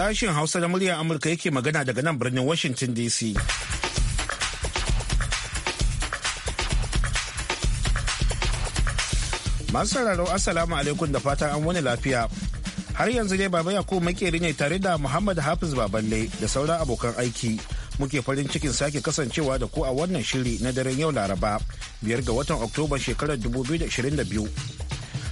Sashen Hausa na muryar Amurka yake magana daga nan birnin Washington DC. Masu sauraro Assalamu alaikum da fatan an wani lafiya. Har yanzu dai Baba Yakubu makeri ne tare da Muhammad Hafiz Baballe da sauran abokan aiki. muke farin cikin sake kasancewa da ku a wannan shiri na daren yau laraba biyar ga watan oktoba shekarar 2022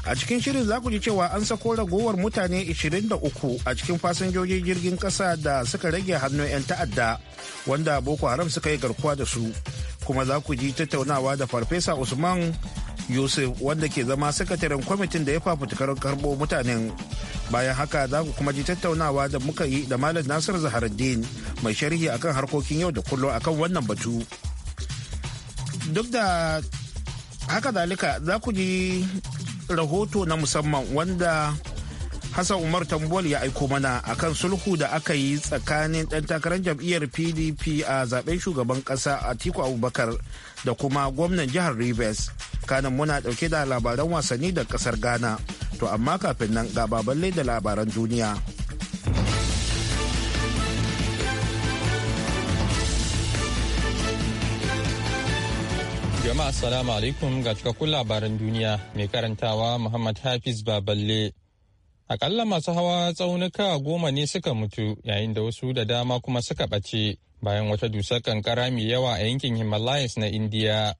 a cikin shirin za ku ji cewa an sako ragowar mutane 23 a cikin fasinjojin jirgin kasa da suka rage hannun 'yan ta'adda wanda boko haram suka yi garkuwa da su kuma za ku ji tattaunawa da farfesa usman yusuf wanda ke zama sakataren kwamitin da ya fafutukar karbo mutanen bayan haka za ku kuma ji tattaunawa da muka yi da malam nasir zaharuddin mai sharhi akan harkokin yau da kullum akan wannan batu duk da haka zalika za ku ji rahoto na musamman wanda Hassan Umar Tambol ya aiko mana a kan sulhu da aka yi tsakanin ɗan takarar jam'iyyar PDP a zaben shugaban ƙasa Atiku Abubakar da kuma gwamnan jihar Rivers. Kanan muna ɗauke da labaran wasanni da ƙasar Ghana. To amma kafin nan ga baballe da labaran duniya. Jama'a assalamu alaikum ga cikakkun labaran duniya mai karantawa Muhammad Hafiz Baballe. Akalla masu hawa tsaunuka goma ne suka mutu yayin da wasu da dama kuma suka ɓace bayan wata dusar kankara mai yawa a yankin Himalayas na Indiya.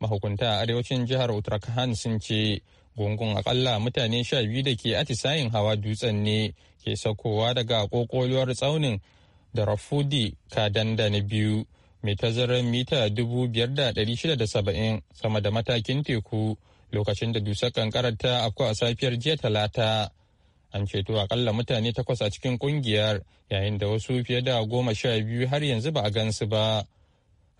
Mahukunta a arewacin jihar Uttarakhand sun ce gungun akalla mutane sha biyu da ke atisayin hawa dutsen ne ke saukowa daga kokoliyar tsaunin da Rafudi ka na biyu mai tazarar mita 5,670 sama da matakin teku lokacin da dusar kankarar ta afku a safiyar jiya talata. An ceto akalla mutane takwas a cikin kungiyar yayin da wasu fiye da goma sha biyu har yanzu ba a gansu ba.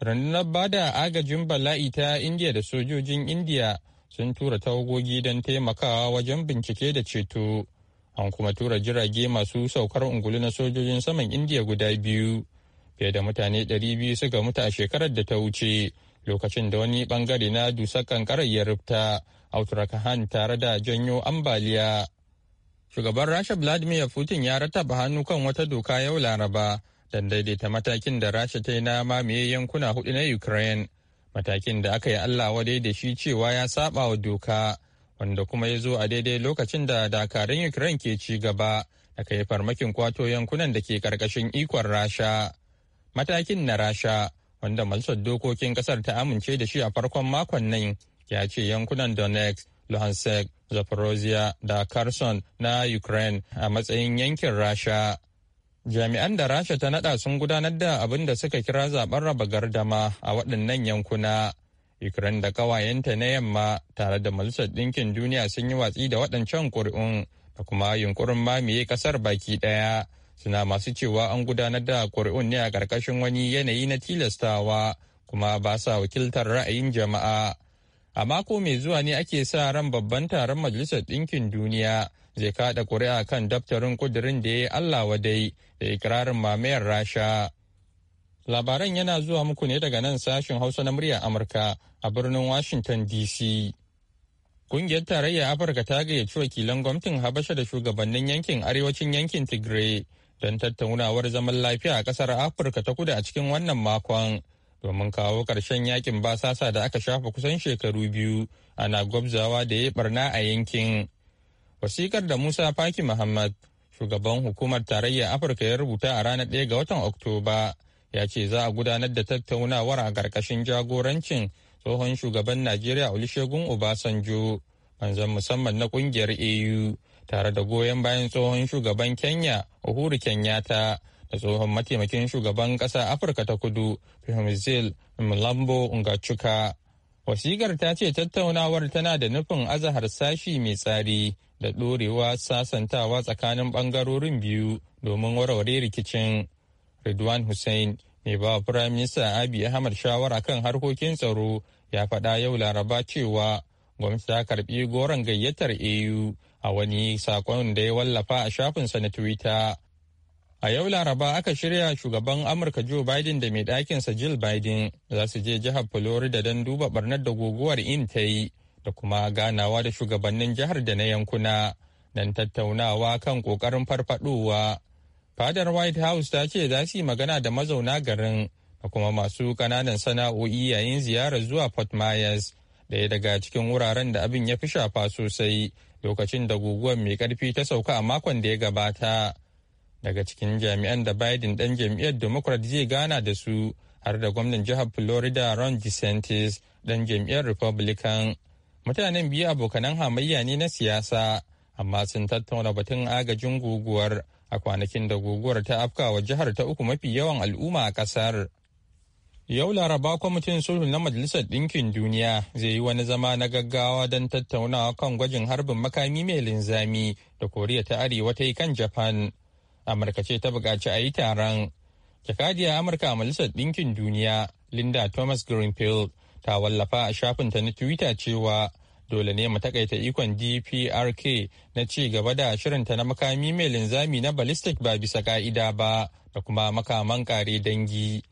Rundunar bada agajin bala'i ta Indiya da sojojin Indiya sun tura tawagogi don taimakawa wajen bincike da ceto. An kuma tura jirage masu saukar ungulu na sojojin saman Indiya guda biyu. fiye da mutane 200 suka mutu a shekarar da ta wuce lokacin da wani bangare na dusar kankarar ya rufta autrakahan tare da janyo ambaliya shugaban rasha vladimir putin ya rataba hannu kan wata doka yau laraba don daidaita matakin da rasha ta yi na mamaye yankuna hudu na ukraine matakin da aka yi allah wadai da shi cewa ya saba wa doka wanda kuma ya zo a daidai lokacin da dakarun ukraine ke ci gaba da kai farmakin kwato yankunan da ke karkashin ikon rasha Matakin na Rasha, wanda Majalisar Dokokin Kasar ta amince da shi a farkon makon nan, ya ce yankunan Donetsk, Luhansk, Zaporozhye da Kherson na Ukraine a matsayin yankin Rasha. Jami'an da Rasha ta nada sun gudanar da abin da suka kira zaben raba gardama a waɗannan yankuna. Ukraine da ƙawayenta na yamma tare da Majalisar Ɗinkin Duniya sun yi watsi da waɗancan ƙuri'un da kuma yunkurin mamaye ƙasar baki ɗaya. suna masu cewa an gudanar da ƙuri'un ne a ƙarƙashin wani yanayi na tilastawa kuma ba sa wakiltar ra'ayin jama'a a mako mai zuwa ne ake sa ran babban taron majalisar ɗinkin duniya zai kaɗa ƙuri'a kan daftarin ƙudurin da ya yi allah wadai da ikirarin mamayar rasha labaran yana zuwa muku ne daga nan sashen hausa na muryar amurka a birnin washington dc Kungiyar Tarayyar Afirka ta gayyaci wakilan gwamnatin Habasha da shugabannin yankin arewacin yankin Tigray don tattaunawar zaman lafiya a kasar afirka ta kudu a cikin wannan makon domin kawo ƙarshen yakin basasa da aka shafa kusan shekaru biyu ana gwabzawa da ya barna a yankin wasikar da musa faki muhammad shugaban hukumar tarayyar afirka ya rubuta a ranar 1 ga watan oktoba ya ce za a gudanar da tattaunawar a ƙarƙashin jagorancin tsohon shugaban najeriya olusegun obasanjo manzan musamman na ƙungiyar au tare da goyon bayan tsohon shugaban kenya uhuru kenyatta da tsohon mataimakin shugaban ƙasa afirka ta kudu phumzile mlambo ngachuka wasigar ta ce tattaunawar tana da nufin azahar sashi mai tsari da ɗorewa sasantawa tsakanin bangarorin biyu domin warware rikicin ridwan hussein mai ba firayim minista abi ahmad shawara kan harkokin tsaro ya faɗa yau laraba cewa gwamnati ta karbi goron gayyatar au a wani sakon da ya wallafa a shafinsa na Twitter. A yau Laraba aka shirya shugaban Amurka Joe Biden da mai ɗakinsa Jill Biden za su je jihar Florida don duba barnar da guguwar in ta yi da kuma ganawa da shugabannin jihar da na yankuna don tattaunawa kan ƙoƙarin farfaɗowa. Fadar White House ta ce za su yi magana da mazauna garin da kuma masu ƙananan sana'o'i yayin ziyarar zuwa Fort Myers ɗaya daga cikin wuraren da abin ya fi shafa sosai lokacin da guguwar mai karfi ta sauka a makon da ya gabata daga cikin jami'an da biden dan jam'iyyar democrat zai gana da su har da gwamnan jihar florida ron DeSantis dan jam'iyyar republican mutanen biyu abokanan hamayya ne na siyasa amma sun tattauna batun agajin guguwar a kwanakin da guguwar ta afka wa jihar ta uku mafi yawan al'umma a kasar Yau Laraba kwamitin sulhu na Majalisar Ɗinkin Duniya zai yi wani zama na gaggawa don tattaunawa kan gwajin harbin makami mai linzami da Koriya ta Arewa ta yi kan Japan. Amurka ce ta bukaci a yi taron. Jakadiyar Amurka a Majalisar Ɗinkin Duniya, Linda Thomas Greenfield, ta wallafa a shafinta na Twitter cewa dole ne mu takaita ikon DPRK na ci gaba da shirinta na makami mai linzami na ballistic ba bisa ka'ida ba da kuma makaman kare dangi.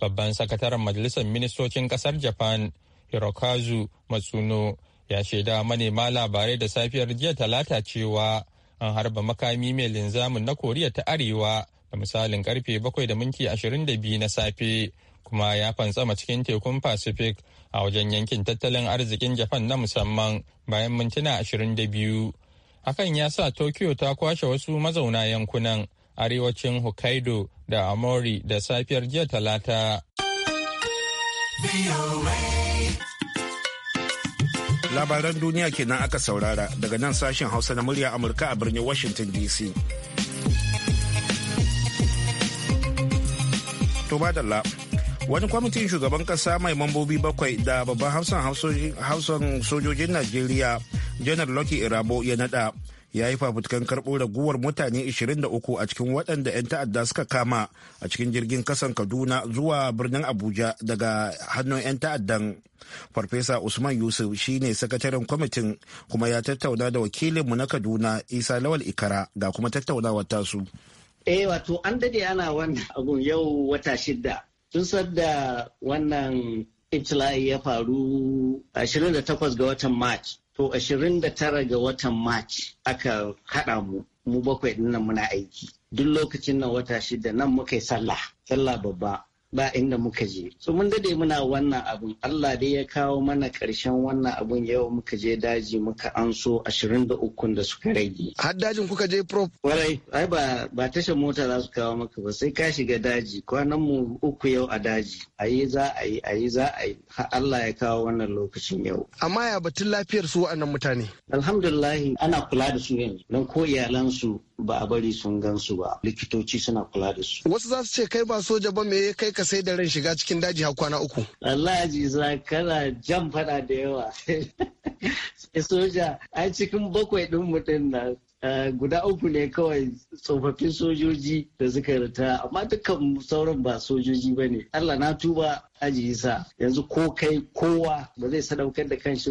babban sakataren majalisar ministocin kasar japan hirokazu matsuno ya shaida manema labarai da safiyar jiya talata cewa an harba makami mai linzamin na koriya ta arewa da misalin karfe 7 da minti 22 na safe kuma ya fantsama cikin tekun pacific a wajen yankin tattalin arzikin japan na musamman bayan mintuna 22 hakan ya sa tokyo ta kwashe wasu mazauna yankunan arewacin Hokkaido da Amori da safiyar jiya talata. Labaran duniya kenan aka saurara daga nan sashen Hausa na murya Amurka a birnin Washington DC. To wani kwamitin shugaban kasa mai mambobi bakwai da babban hausan sojojin najeriya janar lucky irabo ya nada ya yi fafutukan karɓo raguwar mutane 23 a cikin waɗanda 'yan ta'adda suka kama a cikin jirgin kasan kaduna zuwa birnin abuja daga hannun 'yan ta'addan farfesa usman yusuf shine sakataren kwamitin kuma ya tattauna da wakilinmu na kaduna isa lawal ikara ga kuma tattaunawar tasu eh wato an dade ana wannan abun yau wata shidda tun sadda wannan ya faru 28 ga watan march To 29 ga watan March aka haɗa mu, mu bakwai nan muna aiki. Duk lokacin nan wata shida nan muka yi sallah, sallah babba. ba inda muka je so mun dade muna wannan abun Allah dai ya kawo mana karshen wannan abun yau muka je daji muka anso ashirin da ukun da suka rage har dajin kuka je prof warai ai ba ba tashar mota za su kawo maka ba sai ka shiga daji kwanan mu uku yau a daji ayi za a yi ayi za a yi Allah ya kawo wannan lokacin yau amma ya batun lafiyar su wa'annan mutane alhamdulillah ana kula da su yanzu don ko iyalansu. ba a bari sun gan su ba likitoci suna kula da su wasu za su ce kai ba soja ba me kai ka sai da ran shiga cikin daji har kwana uku Allah za kana jan fada da yawa soja a cikin bakwai din mutum na. Eh, guda uku ne kawai tsofaffin sojoji da suka rita amma dukkan sauran ba sojoji ba ne allah na tuba aji isa yanzu ko kai kowa ba zai sadaukar da kanshi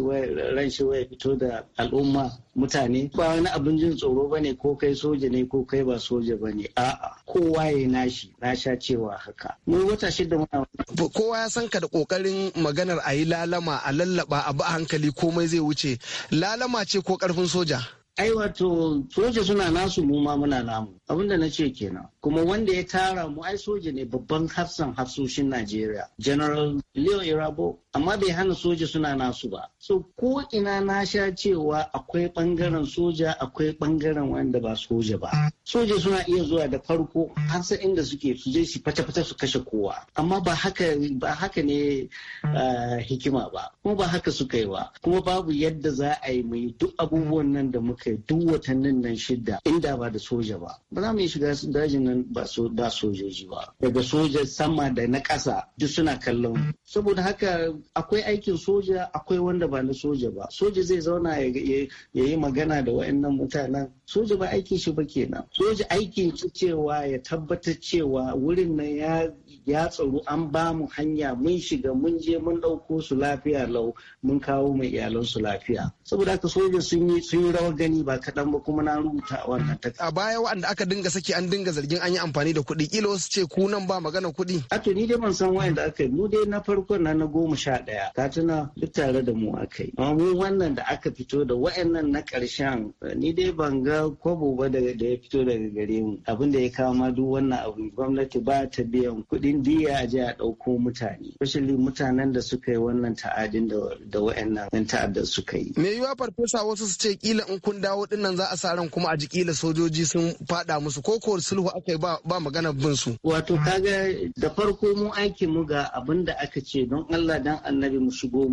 ran shi waya fito da al'umma mutane ba wani abin jin tsoro ba ne ko kai soja ne ko kai ba soja ba ne a'a kowa ya nashi na sha cewa haka mu wata shida muna kowa ya san ka da kokarin maganar a yi lalama a lallaba a ba hankali komai zai wuce lalama ce ko karfin soja ai wato soja suna nasu muma muna namu abinda na ce kenan kuma wanda ya tara mu ai soja ne babban hafsan hafsoshin najeriya general leo irabo amma bai hana soja suna nasu ba so ko ina na sha cewa akwai ɓangaren soja akwai bangaren wanda ba soja ba soja suna iya zuwa da farko har san inda suke suje je fata-fata su kashe kowa amma ba haka ba haka ne mm. ah, hikima ba kuma ba haka suka yi ba kuma babu yadda za a yi mai duk abubuwan nan da muka yi duk watannin nan shida inda ba da soja ba ba za mu yi shiga dajin nan ba sojoji ba daga soja sama da na ƙasa duk suna kallon mm. saboda haka akwai aikin soja akwai wanda ba na soja ba soja zai zauna ya yi magana da wayannan mutanen soja ba aikin shi ba kenan soja aikin shi cewa ya tabbatar cewa wurin nan ya ya tsaro an ba mu hanya mun shiga mun je mun ɗauko su lafiya lau mun kawo mai iyalan su lafiya saboda haka soja sun yi sun yi rawar gani ba kaɗan ba kuma na rubuta a wannan a baya wanda aka dinga saki an dinga zargin an yi amfani da kuɗi kila wasu ce ku nan ba magana kuɗi a to ni dai ban san wanda aka yi mu dai na farkon na na goma sha ɗaya ka tuna duk tare da mu aka yi mu wannan da aka fito da wa'annan na ƙarshen eh, ni dai ban ga kobo ba da ya fito daga gare mu abin da ya kama duk wannan abu gwamnati ba ta biyan kuɗin diya a je a ɗauko mutane especially mutanen da suka yi wannan ta'adin da wa'annan ta'adda suka yi. me yiwa farfesa wasu su ce kila in kun dawo dinnan za a sa ran kuma a ji kila sojoji sun faɗa musu ko ko sulhu aka yi ba magana bin su. wato kaga da farko mu aikin mu ga abin da aka ce don Allah dan annabi mu shigo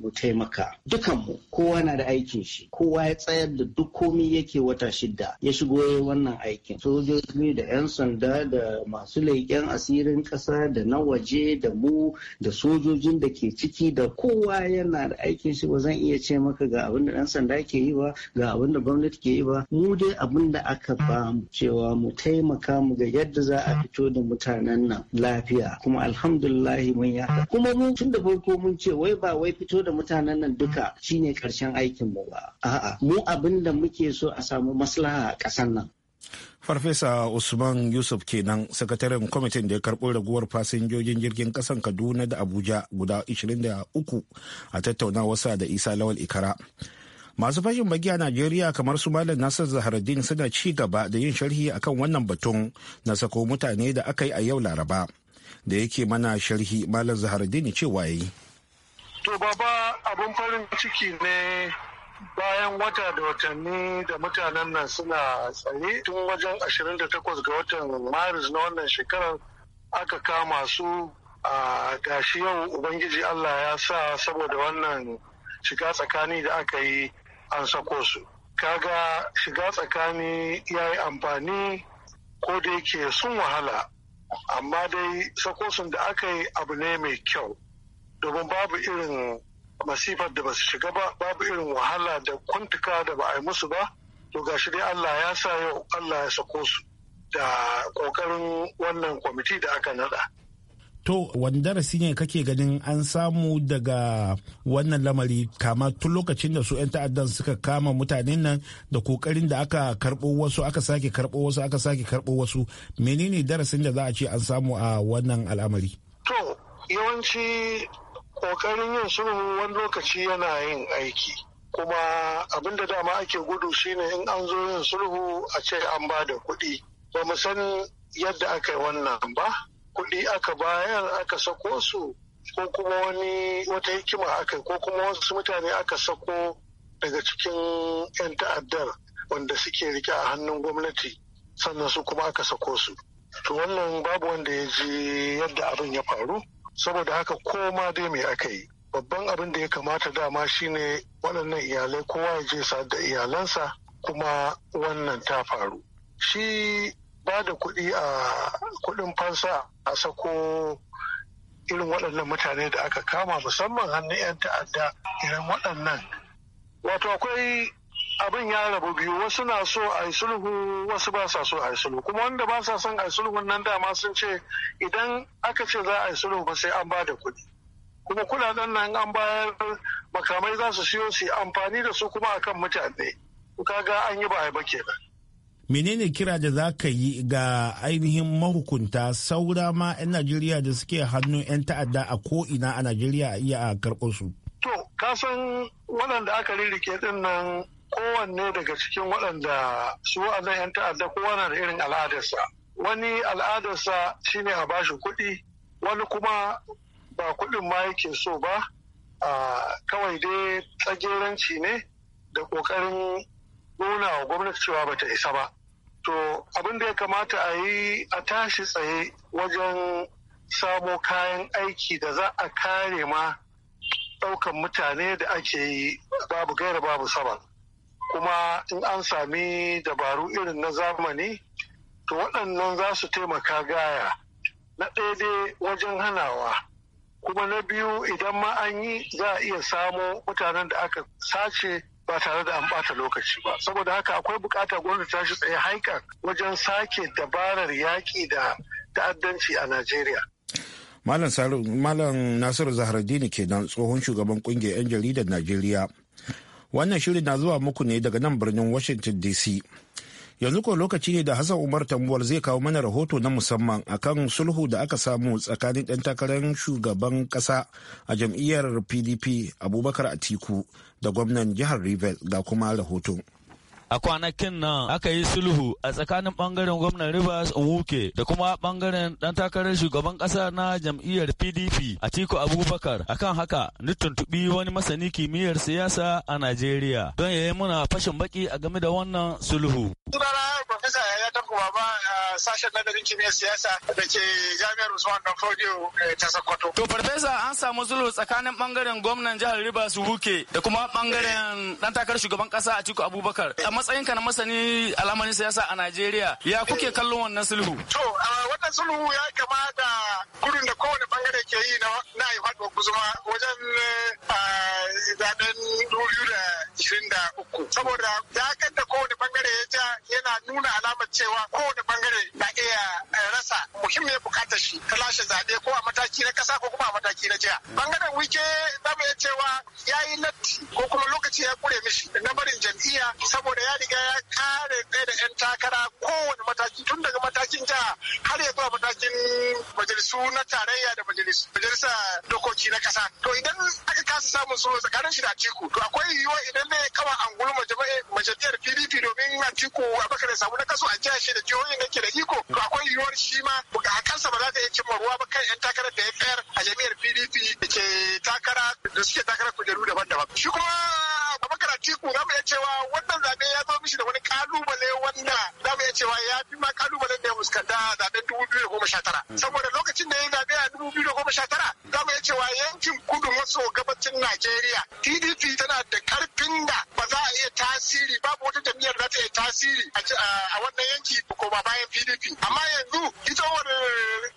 mu taimaka dukanmu kowa na da aikin shi kowa ya tsayar da duk komi yake wata shida ya shigo ya wannan aikin sojoji da 'yan sanda da masu leƙen asirin ƙasa da na waje da mu da sojojin da ke ciki da kowa yana da aikin shi ba zan iya ce maka ga abin da ɗan sanda ke yi ba ga abin da gwamnati ke yi ba mu dai abin da aka mu cewa mu taimaka mu ga yadda za a fito da mutanen nan lafiya kuma alhamdulillah mun yi kuma mu tun da farko mun ce wai ba wai fito da mutanen nan duka shine karshen aikin mu ba a'a mu abin da muke so a samu maslaha a kasan nan Farfesa Usman Yusuf kenan sakataren kwamitin da ya karɓo raguwar fasinjojin jirgin ƙasan Kaduna da Abuja guda 23 a tattaunawarsa da Isa Lawal Ikara. Masu fashin baki a Najeriya kamar su Malam Nasir Zaharuddin suna ci gaba da yin sharhi akan wannan batun na sako mutane da aka yi a yau Laraba. da yake mana sharhi malam zahardini cewa yi to baba abin farin ciki ne bayan wata da watanni da mutanen nan suna tsaye tun wajen 28 ga watan maris na wannan shekarar aka kama su a gashi yau ubangiji allah ya sa saboda wannan shiga tsakani da aka yi an sako su kaga shiga tsakani ya yi amfani ko da yake sun wahala amma dai sakosun da aka yi abu ne mai kyau domin babu irin masifar da ba su shiga ba babu irin wahala da kuntuka da ba a yi musu ba to gashi dai Allah ya sa yau Allah ya sako su da ƙoƙarin wannan kwamiti da aka naɗa. To, wani darasi ne kake ganin an samu daga wannan lamari kama tun lokacin da su 'yan ta'addan suka kama mutanen nan da kokarin da aka karɓo wasu aka sake karɓo wasu aka sake karɓo wasu menene darasin da za a ce an samu a wannan al'amari? To, yawanci kokarin yin sulhu wani lokaci yana yin aiki. Kuma abin da dama ake gudu shine in an zo yin sulhu a ce an ba da kuɗi. Ba mu san yadda aka yi wannan ba. kuɗi aka bayar aka sako su ko kuma wani wata hikima aka ko kuma wasu mutane aka sako daga cikin 'yan ta'addar wanda suke rike a hannun gwamnati sannan su kuma aka sako su to wannan babu wanda ya ji yadda abin ya faru saboda haka koma dai mai aka yi babban abin da ya kamata dama shine waɗannan iyalai kowa ya je sa da iyalansa kuma wannan ta faru shi ba da kuɗi a kuɗin fansa a sako irin waɗannan mutane da aka kama musamman hannun 'yan ta'adda irin waɗannan wato akwai abin ya rabu biyu wasu na so a yi sulhu wasu ba sa so a yi sulhu kuma wanda ba sa son a yi sulhun nan dama sun ce idan aka ce za a yi sulhu ba sai an ba da kuɗi kuma kuɗaɗen nan an bayar makamai za su siyo su amfani da su kuma akan mutane ga an yi ba a yi ba kenan menene kira da za ka yi ga ainihin mahukunta saura ma 'yan najeriya da suke hannun 'yan ta'adda a ko'ina a najeriya a iya a su to kasan waɗanda aka ririke ɗin nan kowanne daga cikin waɗanda su wa'annan 'yan ta'adda kowa na da irin al'adarsa wani al'adarsa shine a bashi kuɗi wani kuma ba kuɗin ma yake so ba ah, kawai dai tsageranci ne da ƙoƙarin nuna wa gwamnati cewa bata isa ba to abin da ya kamata a yi a tashi tsaye wajen samo kayan aiki da za a kare ma ɗaukan mutane da ake yi babu gaira babu saba. kuma in an sami dabaru irin na zamani to waɗannan za su taimaka gaya na ɗaya wajen hanawa kuma na biyu idan ma an yi za a iya samo mutanen da aka sace ba tare da an bata lokaci ba saboda haka akwai bukatar gwamnati ta shi tsaye haikan wajen sake dabarar yaƙi da ta'addanci a najeriya malam nasiru zaharaddini kenan tsohon shugaban kungiyar 'yan jaridar najeriya wannan shirin na zuwa muku ne daga nan birnin washington dc yanzu ko lokaci ne da hassan umar tambuwal zai kawo mana rahoto na musamman akan sulhu da aka samu tsakanin ɗan takarar shugaban ƙasa a jam'iyyar pdp abubakar atiku da gwamnan jihar rivers ga kuma rahoton a kwanakin nan aka yi sulhu a tsakanin bangaren gwamnan Rivers Nwuke da kuma bangaren dan takarar shugaban kasa na jam'iyyar PDP Atiku Abubakar akan haka ni tuntubi wani masani kimiyyar siyasa a Najeriya don yayi yi muna fashin baki a game da wannan sulhu. Sunana Profesa Yaya Tanko Baba sashen nadarin kimiyyar siyasa da ke Jami'ar Usman Danfodiyo eh, ta Sokoto. To Farfesa an samu sulhu tsakanin bangaren gwamnan jihar Rivers Nwuke da kuma bangaren dan takarar shugaban kasa Atiku Abubakar. matsayinka na masani alamarin siyasa a Najeriya ya kuke kallon wannan sulhu? To wannan sulhu ya kama da gudun da kowane bangare ke yi na haifar guzuma wajen eh, zaben uku saboda ya da kowane bangare ya ja yana nuna alamar cewa kowane bangare siyasa muhimmi ya bukatar shi ta lashe zaɓe ko a mataki na ƙasa ko kuma a mataki na jiha. Bangaren wike za mu iya cewa ya yi latti ko kuma lokaci ya kure mishi na barin jam'iyya saboda ya riga ya kare ɗaya da 'yan takara kowane mataki tun daga matakin jiha har ya zuwa matakin majalisu na tarayya da majalisa dokoki na ƙasa. To idan aka kasa samun sulhu tsakanin shi da Atiku to akwai yiwuwa idan ne kama angulu majalisar PDP domin Atiku Abubakar ya samu na kaso a jiha shi da jihohin da ke da iko to akwai yiwuwar shi shi ma kansa ba za ta iya cimma ruwa ba kan 'yan takarar da ya tsayar a jami'ar pdp da ke takara da suke takarar kujeru daban-daban shi kuma Atiku za mu cewa wannan zaɓe ya zo mishi da wani kalubale wanda za mu cewa ya fi ma kalubalen da ya fuskanta zaɓen dubu biyu da goma mm. Saboda lokacin da ya yi zaɓe a dubu biyu da goma sha tara za mu cewa yankin kudu maso gabacin Najeriya PDP tana da karfin da ba za a iya tasiri babu wata jam'iyyar za ta iya tasiri a wannan yanki ko ba bayan PDP. Amma yanzu fitowar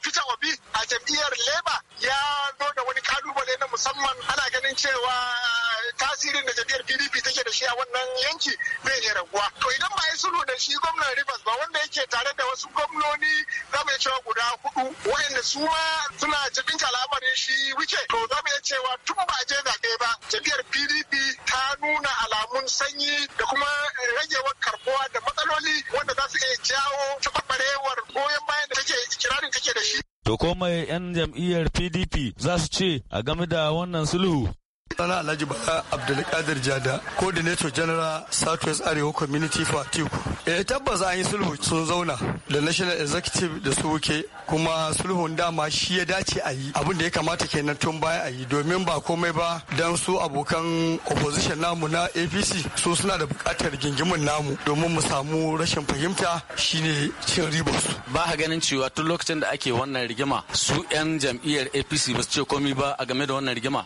Peter Obi a jam'iyyar Labour ya zo da wani kalubale na musamman ana ganin cewa tasirin da jam'iyyar pdp take da shi a wannan yanki zai iya raguwa to idan ba ya sulhu da shi gwamnan rivers ba wanda yake tare da wasu gwamnoni za mu cewa guda hudu waɗanda su ma suna jibinta al'amarin shi wuce, to za mu cewa tun ba je zaɓe ba jam'iyyar pdp ta nuna alamun sanyi da kuma ragewar karbuwa da matsaloli wanda za su iya jawo tabarbarewar goyon bayan da take kirarin take da shi. To komai 'yan jam'iyyar PDP za su ce a game da wannan sulhu. Sana Alhaji Bala Abdulkadir Jada, Coordinator General Southwest Arewa Community for Atiku. E tabbas an yi sulhu sun zauna da National Executive da su wuke kuma sulhun dama shi ya dace a yi abin da ya kamata kenan tun baya a yi domin ba komai ba dan su abokan opposition namu na APC su suna da bukatar gingimin namu domin mu samu rashin fahimta shine cin ribar su. Ba ka ganin cewa tun lokacin da ake wannan rigima su 'yan jam'iyyar APC ba su ce komai ba a game da wannan rigima.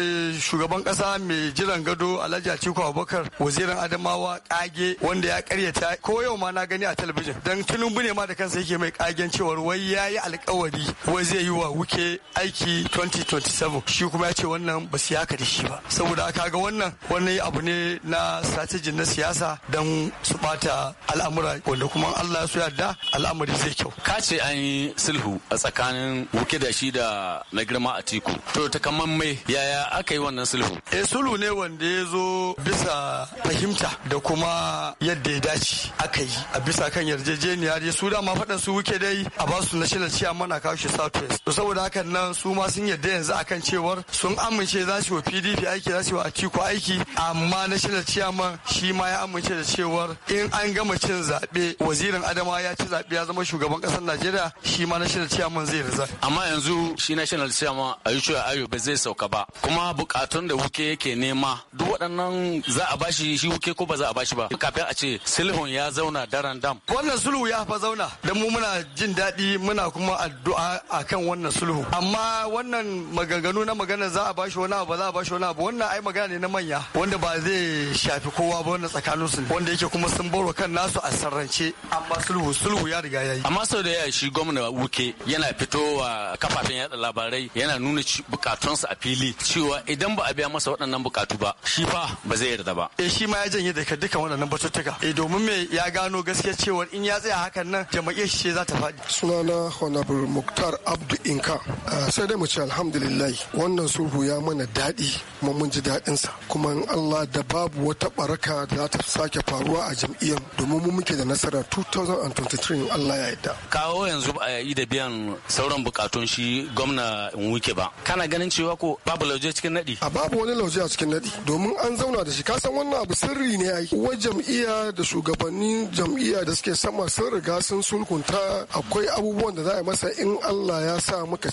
Eh, shugaban kasa mai jiran gado Alhaji Atiku Abubakar wazirin Adamawa kage wanda ya karyata ko yau ma na gani a talabijin dan Tinubu ne ma da kansa yake mai kagen cewar wai yayi alkawari wai zai yi wa wuke aiki 2027 shi kuma ya ce wannan ba su yaka da shi ba saboda aka ga wannan wani abu ne na strategy na siyasa don su bata al'amura wanda kuma Allah su yarda al'amari zai kyau ka ce an yi sulhu a tsakanin wuke da shi da na girma a to to takamman mai yaya aka yi wannan sulhu eh sulhu ne wanda ya zo bisa fahimta da kuma yadda ya dace aka yi a bisa kan yarjejeniya dai su dama faɗan su wuke dai a ba su lashe lashe amma na kawo shi southwest to saboda hakan nan su ma sun yarda yanzu akan cewar sun amince za su wa pdp aiki za su wa atiku aiki amma na shirin ciyaman shi ma ya amince da cewar in an gama cin zaɓe wazirin adama ya ci zaɓe ya zama shugaban ƙasar najeriya shi ma na shirin ciyaman zai rizar. amma yanzu shi na shirin ciyaman ayucho ayo ba zai sauka ba kuma kuma bukatun da wuke yake nema duk waɗannan za a bashi shi wuke ko ba za a bashi ba kafin a ce sulhun ya zauna daren dam wannan sulhu ya fa zauna da mu muna jin daɗi muna kuma addu'a akan wannan sulhu amma wannan maganganu na magana za a bashi wani ba za a bashi wani ba, wannan ai magana ne na manya wanda ba zai shafi kowa ba wannan tsakanin su wanda yake kuma sun baro kan nasu a sarrance amma sulhu sulhu ya riga yayi amma sau da yawa shi gwamna wuke yana fitowa kafafen yada labarai yana nuna bukatunsa a fili cewa cewa idan ba a biya masa waɗannan bukatu ba shi fa ba zai yarda ba eh shi ma ya janye daga dukkan waɗannan batutuka eh domin me ya gano gaskiya cewa in ya tsaya hakan nan jama'iyyar shi ce za ta faɗi sunana honorable muktar abdu inka ah, sai dai mu ce alhamdulillah wannan sulhu ya mana daɗi kuma mun ji daɗin sa kuma in Allah da babu wata baraka da za ta sake faruwa a jam'iyyar domin mu muke da nasara 2023 in Allah ya yarda kawo yanzu ba a yi da biyan sauran bukatun shi gwamna wuke ba kana ganin cewa ko babu lauje cikin nadi a babu wani lauje a cikin nadi domin an zauna da shi ka san wannan abu sirri ne ai Wa jam'iyya da shugabannin jam'iyya da suke sama sun riga sun sulkunta akwai abubuwan da za a yi masa in Allah ya sa muka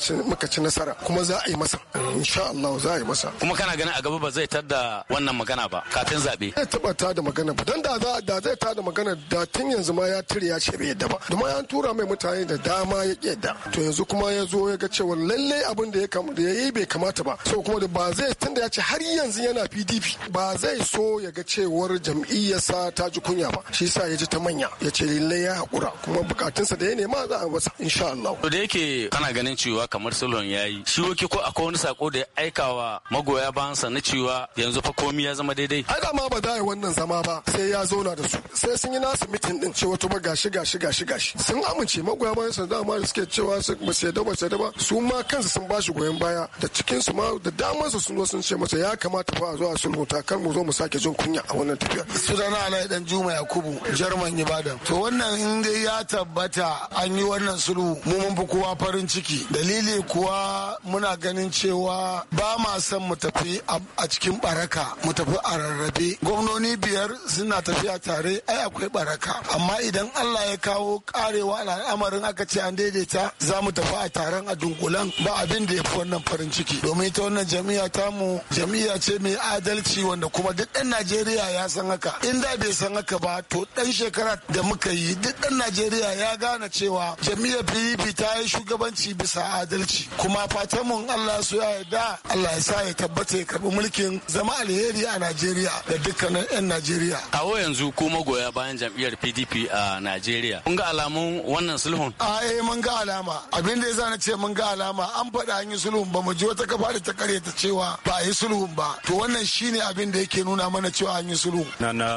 ci nasara kuma za a yi masa insha Allah za a yi masa kuma kana ganin a gaba ba zai tada wannan magana ba kafin zabe zai taba tada magana ba dan da za da zai tada magana da tun yanzu ma ya tire ya ce bai yadda ba domin an tura mai mutane da dama ya yadda to yanzu kuma ya zo ya ga cewa lallai abin da ya da ya yi bai kamata ba so kuma da ba zai tunda ya ce har yanzu yana pdp ba zai so ya ga cewar jam'iyyarsa ta ji kunya ba shi sa ya ji ta manya ya ce lallai ya haƙura kuma bukatunsa da ya nema za a masa insha Allah. to da yake kana ganin cewa kamar salon ya yi shi woki ko akwai wani sako da ya aika wa magoya bayansa na cewa yanzu fa komi ya zama daidai. ai dama ba za a yi wannan zama ba sai ya zauna da su sai sun yi nasu mitin din cewa to ba gashi gashi gashi gashi sun amince magoya bayansa dama da suke cewa ba su yadda ba su yadda ba su ma kansu sun ba shi goyon baya da cikinsu ma da dama mamansa sun sun ce masa ya kamata fa a zo a sulhuta kar mu zo mu sake jin kunya a wannan tafiya sunana ana dan juma yakubu jarman ibadan to wannan in dai ya tabbata an yi wannan sulhu mu mun fi kowa farin ciki dalili kuwa muna ganin cewa ba ma son mu tafi a cikin baraka mu tafi a rarrabe gwamnoni biyar suna tafiya tare ai akwai baraka amma idan Allah ya kawo karewa al'amarin aka ce an daidaita za mu tafi a taron a dunkulan ba abin da ya fi wannan farin ciki domin ita wannan jami'a tamu jami'a ce mai adalci wanda kuma duk ɗan Najeriya ya san haka. In da bai san haka ba to ɗan shekara da muka yi duk ɗan Najeriya ya gane cewa jami'ar PDP ta yi shugabanci bisa adalci. Kuma fatan in Allah su ya yarda Allah ya sa ya tabbata ya karɓi mulkin zama alheri a Najeriya da dukkanin 'yan Najeriya. A yanzu ko magoya bayan jam'iyyar PDP a Najeriya. Kun ga alamun wannan sulhun? A eh mun ga alama. Abin da ya zana ce mun ga alama an faɗa an yi sulhun ba mu ji wata kafa da ta kare ta cewa ba a yi sulhun ba to wannan shine abin da yake nuna mana cewa an yi sulhu na na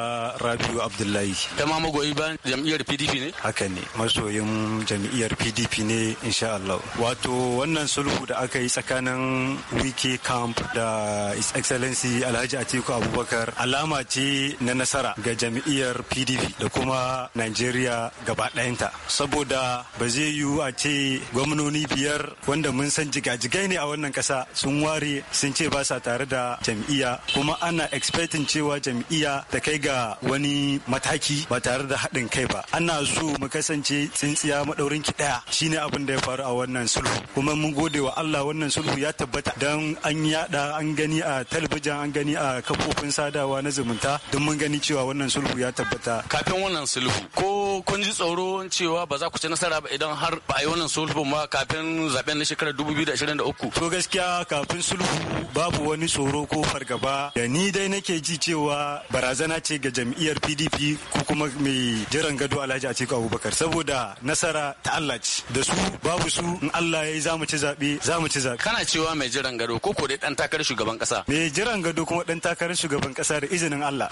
rabiu abdullahi ma magoyi ba jam'iyyar pdp ne haka ne masoyin jam'iyyar pdp ne insha allah wato wannan sulhu da aka yi tsakanin wiki camp da his excellency alhaji atiku abubakar alama ce na nasara ga jam'iyyar pdp da kuma nigeria gaba ɗayanta saboda ba zai yiwu a ce gwamnoni biyar wanda mun san jigajigai ne a wannan ƙasa sun ware sun ce ba sa tare da jam'iyya kuma ana expecting cewa jam'iyya ta kai ga wani mataki ba tare da haɗin kai ba ana so mu kasance tsintsiya maɗaurin ki ɗaya shine abin da ya faru a wannan sulhu kuma mun gode wa Allah wannan sulhu ya tabbata dan an yada an gani a talabijin an gani a kafofin sadawa na zumunta don mun gani cewa wannan sulhu ya tabbata kafin wannan sulhu ko kun ji tsoro cewa ba za ku ci nasara ba idan har ba a yi wannan sulhu ba kafin zaben na shekarar 2023 to gaskiya kafin sulhu babu wani tsoro ko fargaba da ni dai nake ji cewa barazana ce ga jam'iyyar pdp ko kuma mai jiran gado alhaji a cikin abubakar saboda nasara ta allah ce da su babu su in allah ya yi za mu ci zaɓe za mu ci zaɓe kana cewa mai jiran gado ko ko dai ɗan takarar shugaban ƙasa mai jiran gado kuma ɗan takarar shugaban ƙasa da izinin allah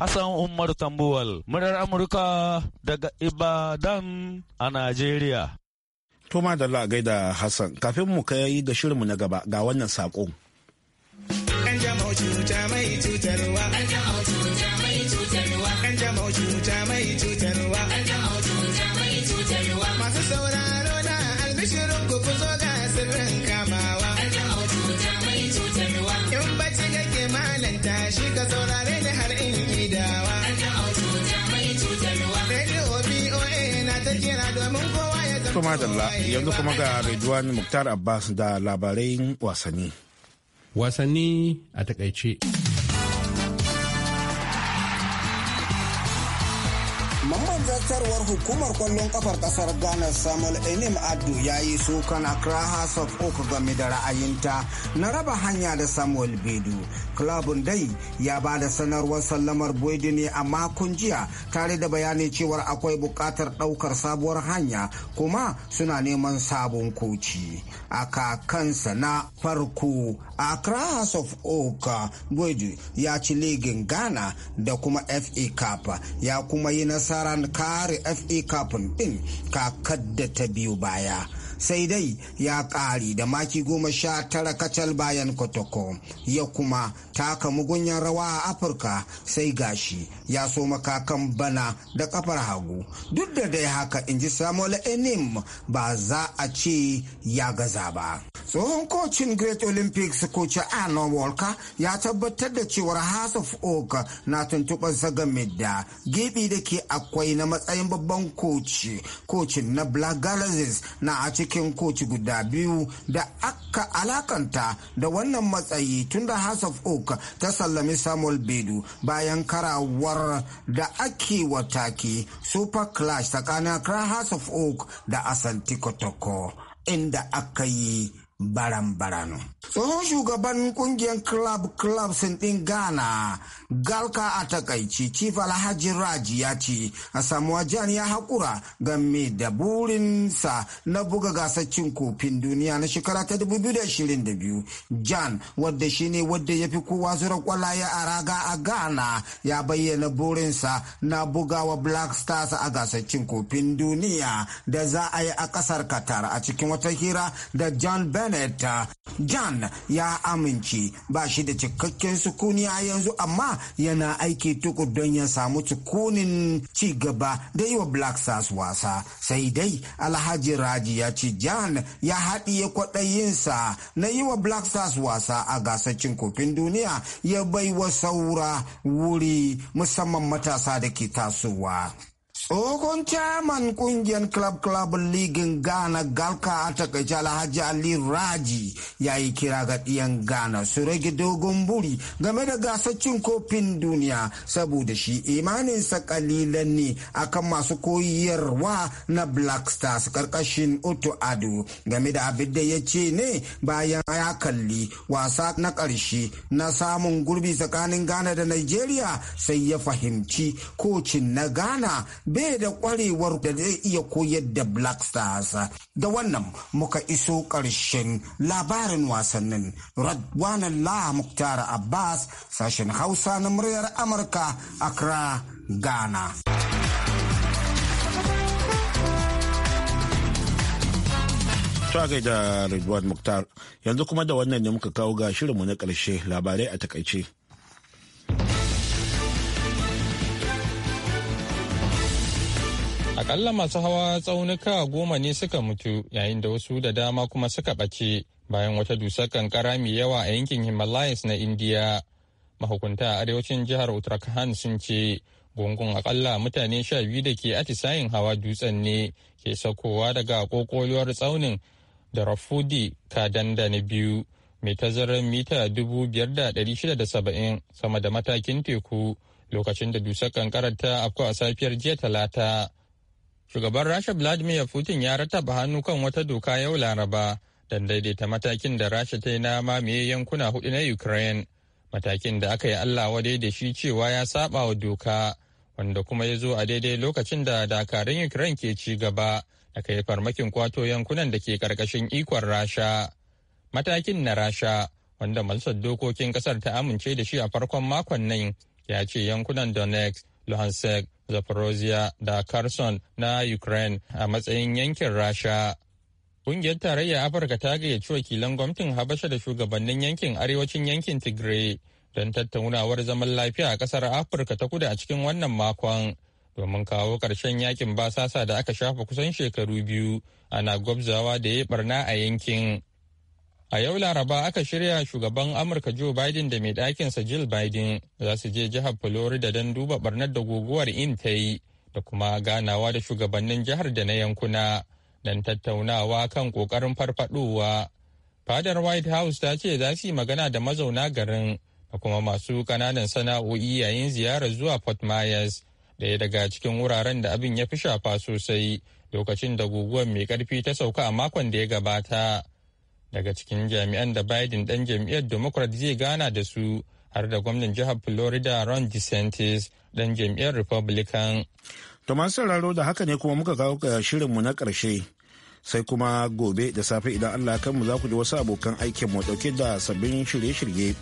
Hassan Umar Tambuwal, murar Amurka daga Ibadan a Najeriya. To ma da la gaida Hassan kafin mu kai ga shirinmu na gaba ga wannan sako An cuta cuta mai cutarwa. Masu sauraro na In shi ka saurara. To Dalla yanzu kuma ga Ridwan Muktar Abbas da labarai wasanni. Wasanni a takaice. Daraktarwar hukumar kwallon kafar kasar Ghana Samuel Enim Addu ya yi sukan Accra House of Oak game da ra'ayinta na raba hanya da Samuel Bedu. Klabun dai ya ba da sanarwar sallamar Boydu ne a makon jiya tare da bayani cewar akwai buƙatar ɗaukar sabuwar hanya kuma suna neman sabon koci. A kakansa na farko accra house of oak gwedu ya ci ligin ghana da kuma fa cup ya kuma yi nasarar kare fa cup din kakar da ta biyu baya sai dai ya ƙari da maki goma sha tara kacal bayan kotoko ya kuma taka mugunyan rawa a afirka sai gashi ya so makakan bana da kafar hagu duk da dai haka in ji samuel enim ba za a ce ya gaza ba tsohon kocin great olympics koci arnold walker ya tabbatar da cewar house of oak na tuntuɓar game da gebe da ke akwai na matsayin babban koci kocin na black galaxies na a cikin cikin koci guda biyu da aka alakanta da wannan matsayi tun da House of Oak ta sallami Samuel Bedu bayan karawar da ake wataki Super Clash tsakanin Accra House of Oak da Asante Tikotoko inda aka yi baran-baran. Tsohon shugaban kungiyar club clubs din Ghana galka a takaici chief alhaji raji ya ce samuwa jan ya haƙura game da burinsa na buga gasar cin kofin duniya na shekara ta 2022 jan wadda shine wadda ya fi kowa zura kwallaye a raga a ghana ya bayyana burinsa na bugawa black stars a gasar cin kofin duniya da za a yi a kasar qatar a cikin wata hira da john bennett jan ya amince ba shi da cikakken sukuniya yanzu amma yana aiki tukur don ya samu tukunin ci gaba da yi wa Black Stars wasa. Sai dai Alhaji Raji ya ci Jan ya haɗiye kwaɗayinsa na yi wa Black Stars wasa a gasar cin kofin duniya ya bai wa saura wuri musamman matasa da ke tasowa. Tsohon caman kungiyar Club Club Ligin Ghana Galka a takaice Alhaji Ali Raji ya yi kira ga ɗiyan Ghana su rage dogon buri game da gasar cin kofin duniya saboda shi imaninsa kalilan ne akan masu koyarwa na Black Stars karkashin Otto Ado game da abin da ya ce ne bayan ya kalli wasa na ƙarshe na samun gurbi tsakanin Ghana da Nigeria sai ya fahimci kocin na Ghana bai da kwarewar da zai iya koyar da Black Stars. Da wannan muka iso ƙarshen labarin wasannin Radwanan La Muktar Abbas sashen Hausa na muryar Amurka Accra, Ghana. Ta da Ridwan Muktar, yanzu kuma da wannan ne muka kawo ga shirinmu na ƙarshe labarai a takaice. Akalla masu hawa tsaunuka goma ne suka mutu yayin da wasu da dama kuma suka ɓace bayan wata dusar kankara mai yawa a yankin Himalayas na Indiya. Mahukunta a arewacin jihar Uttarakhand sun ce gungun akalla mutane sha biyu da ke atisayin hawa dutsen ne ke saukowa daga kokoliwar tsaunin da Rafudi danda na biyu mai tazarar mita dubu biyar da ɗari shida da saba'in sama da matakin teku lokacin da dusar kankarar ta afko a safiyar jiya talata. Shugaban Rasha Vladimir Putin ya rataba hannu kan wata doka yau Laraba don daidaita matakin da Rasha ta yi na mamaye yankuna hudu na Ukraine. Matakin da aka yi Allah wadai da shi cewa ya saba wa doka, wanda kuma ya zo a daidai lokacin da dakarun Ukraine ke ci gaba da kai farmakin kwato yankunan da ke karkashin ikon Rasha. Matakin na Rasha, wanda Majalisar Dokokin Kasar ta amince da shi a farkon makon nan, ya ce yankunan Donetsk, Luhansk, Zaporozhia da Kherson na Ukraine a matsayin yankin Rasha. Ƙungiyar tarayya Afirka ta gayyaci wakilan gwamnatin Habasha da shugabannin yankin arewacin yankin Tigray don tattaunawar zaman lafiya a ƙasar Afirka ta kudu a cikin wannan makon domin kawo ƙarshen yakin basasa da aka shafa kusan shekaru biyu ana gwabzawa da ya barna a yankin. A yau Laraba aka shirya shugaban Amurka Joe Biden da mai ɗakinsa Jill Biden za su je jihar Florida don duba barnar da guguwar in ta yi da kuma ganawa da shugabannin jihar da na yankuna don tattaunawa kan ƙoƙarin farfaɗowa. Fadar White House ta ce za su yi magana da mazauna garin da kuma masu ƙananan sana'o'i yayin ziyarar zuwa Fort Myers, ɗaya daga cikin wuraren da abin ya fi shafa sosai lokacin da guguwar mai ƙarfi ta sauka a makon da ya gabata. daga cikin jami'an da Biden dan jam'iyyar Democrat zai gana da su har da gwamnan jihar Florida Ron DeSantis ɗan jam'iyyar Republican. To masu da haka ne kuma muka kawo ga mu na karshe Sai kuma gobe da safe idan Allah mu za ku ji wasu abokan aikin mu ɗauke da sabbin shirye-shirye.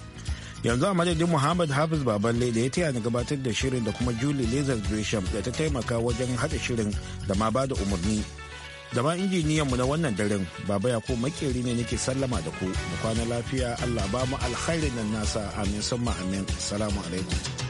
yanzu a madadin muhammad hafiz baballe da ya taya ni gabatar da shirin da kuma julie lazar gresham da ta taimaka wajen haɗa shirin da ma ba da umarni da ma injiniyanmu na wannan daren baba ya ko makeri ne nake sallama da ku mu kwana lafiya allah ba mu alkhairin nan nasa amin summa amin salamu alaikum